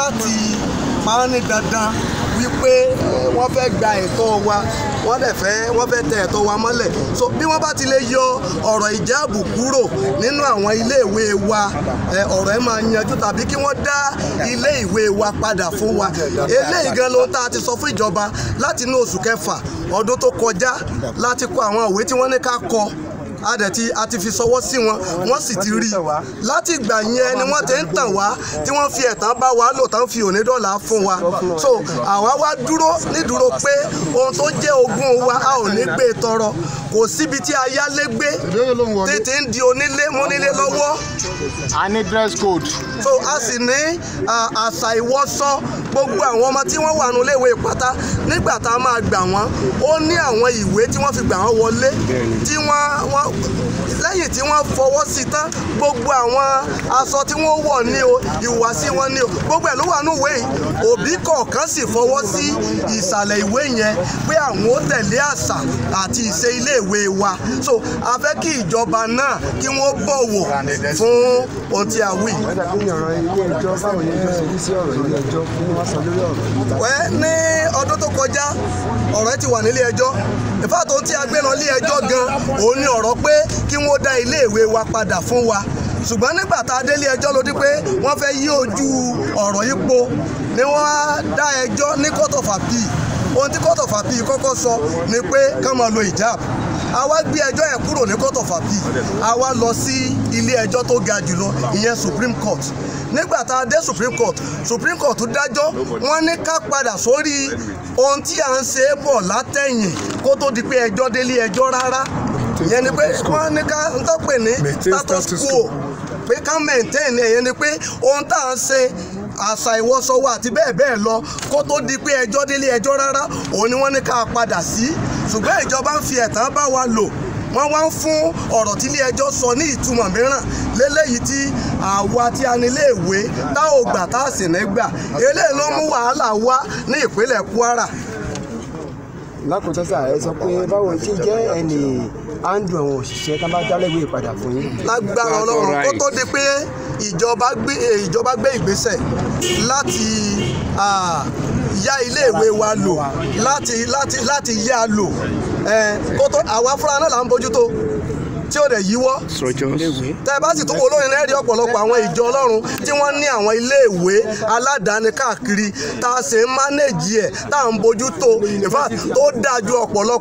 láti máa ní dandan wípé wọ́n fẹ́ gba ẹ̀tọ́ wa wọ́n dẹ̀ fẹ́ wọ́n fẹ́ tẹ ẹ̀tọ́ wa mọ́lẹ̀ so bí wọ́n bá ti lè yọ ọ̀rọ̀ ìjáàbù kúrò nínú àwọn iléèwé wa ọ̀rọ̀ ẹ̀ máa yanjú tàbí kí wọ́n dá iléèwé wa padà fún wa eléyìí gan ló ń tá a ti sọ fún ìjọba láti inú oṣù kẹfà ọdún tó kọjá láti kọ àwọn ìwé tí wọ́n ní ká kọ adẹ̀tí a ti fi sọwọ́ sí wọn wọ́n sì ti rí i láti ìgbà yẹn ni wọ́n ti ń tàn wá tí wọ́n fi ẹ̀tàn bá wa lò tán fi òní fún wa so àwa wá dúró nídúró pé ohun tó jẹ́ ogún wa a ò ní gbé e tọrọ kò síbi tí ayálégbé tètè ń di onílé múnílé lọ́wọ́. a ní dress code. so a sì ní àṣà ìwọṣọ gbogbo àwọn ọmọ tí wọ́n wà nù léwe pátá nígbà tá a máa gbà wọ́n ó ní àwọn ìwé tí wọ́n fi gbà wọ́n wọlé tí wọ́n lẹ́yìn tí wọ́n fọwọ́ sí tán gbogbo àwọn aṣọ tí wọ́n wọ̀ ní o ìhùwàsí wọn ní o gbogbo ẹ̀ ló wà nínú ìwé yìí òbí kọ̀ọ̀kan sì fọwọ́ sí ìsàlẹ̀ ìwé yẹn pé àwọn ó tẹ̀lé àṣà àti ìṣe iléèwé wa so a fẹ́ kí ìjọba náà kí wọ́n bọ̀wọ̀ fún ohun tí a wí. wẹ́ ní ọdún tó kọjá ọ̀rọ̀ ẹ ti wà nílé ẹjọ́ ìfáàtò tí a gbé lọ ilé ẹjọ́ gan òun ni ọ̀rọ̀ pé kí wọ́n dá iléèwé wa padà fún wa ṣùgbọ́n nígbà tá a délé ẹjọ́ ló di pé wọ́n fẹ́ yí ojú ọ̀rọ̀ yìí po ni wọ́n á dá ẹjọ́ ní court of appeal ohun tí court of appeal kọ́kọ́ sọ ni pé kán máa lo hijab a gbé ẹjọ́ ẹ̀ kúrò ní court of appeal a lọ sí ilé ẹjọ́ tó ga jùlọ ìyẹn supreme court nígbà tá a dé supreme court supreme court dájọ́ wọ́n ní ká padà sórí ohun tí à ń ṣe é bọ̀ látẹ̀yìn kó tó di pé ẹjọ́ délé ẹjọ́ rárá yẹn ni pé wọ́n ní ká ń tọ́ pè ní status quo pé ká maintain ẹ̀yẹn ni pé ohun tá à ń ṣe àṣà ìwọṣọwọ àti bẹ́ẹ̀ bẹ́ẹ̀ lọ kó tó di pé ẹjọ́ délé ẹjọ́ rárá òun ni wọ́n ní ká padà sí ṣùgbọ́n ìjọba ń fi ẹ̀tàn bá wa lò wọ́n wá ń fún ọ̀rọ̀ tí ilé-ẹjọ́ sọ ní ìtumọ̀ mìíràn léléyìí tí àwa tí a nílé ìwé tá ò gbà tá a sì ní gbà eléyìí ló mú wàhálà wá ní ìpínlẹ̀ Kwara lákòótọ́ sà ẹ sọ pé báwo ṣe jẹ́ ẹnì áńdù àwọn òṣìṣẹ́ tá a bá dálẹ́wé padà fún yín. lágbára ọlọ́run kó tó di pé ìjọba gbé eh, ìjọba gbé ìgbésẹ̀ láti yá iléèwé wa lò láti láti láti yá a lò eh, kó tó àwa fúlàní là ń bójútó tí ó dẹ̀ yíwọ́. tẹ́ ẹ bá sì tún wo lónìí lẹ́rìí ọ̀pọ̀lọpọ̀ àwọn ìjọ ọlọ́run tí wọ́n ní àwọn iléèwé aládàáni káàkiri tá a sì ń mánéjì ẹ̀ tá à ń bójú tó ìfà tó dáa ọ̀pọ̀lọpọ̀